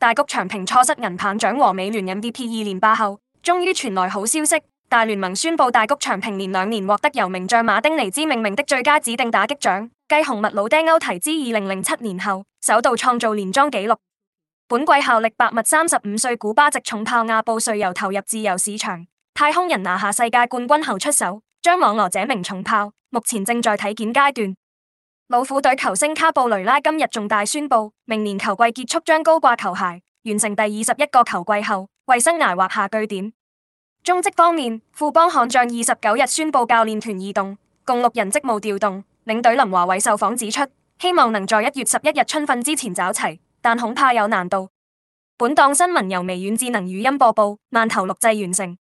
大谷長平錯失銀棒獎和美聯任跌 P 二連霸後，終於傳來好消息。大聯盟宣布大谷長平連兩年獲得由名將馬丁尼茲命名的最佳指定打擊獎，繼紅密老爹歐提之，二零零七年後，首度創造連莊紀錄。本季效力百物三十五歲古巴籍重炮亞布瑞由投入自由市場，太空人拿下世界冠軍後出手，將網羅這名重炮，目前正在體檢階段。老虎隊球星卡布雷拉今日重大宣布，明年球季結束將高掛球鞋，完成第二十一個球季後，為生涯畫下句點。中職方面，富邦悍將二十九日宣布教練團異動，共六人職務調動。領隊林華偉受訪指出，希望能在一月十一日春訓之前找齊，但恐怕有難度。本檔新聞由微軟智能語音播報，曼頭錄製完成。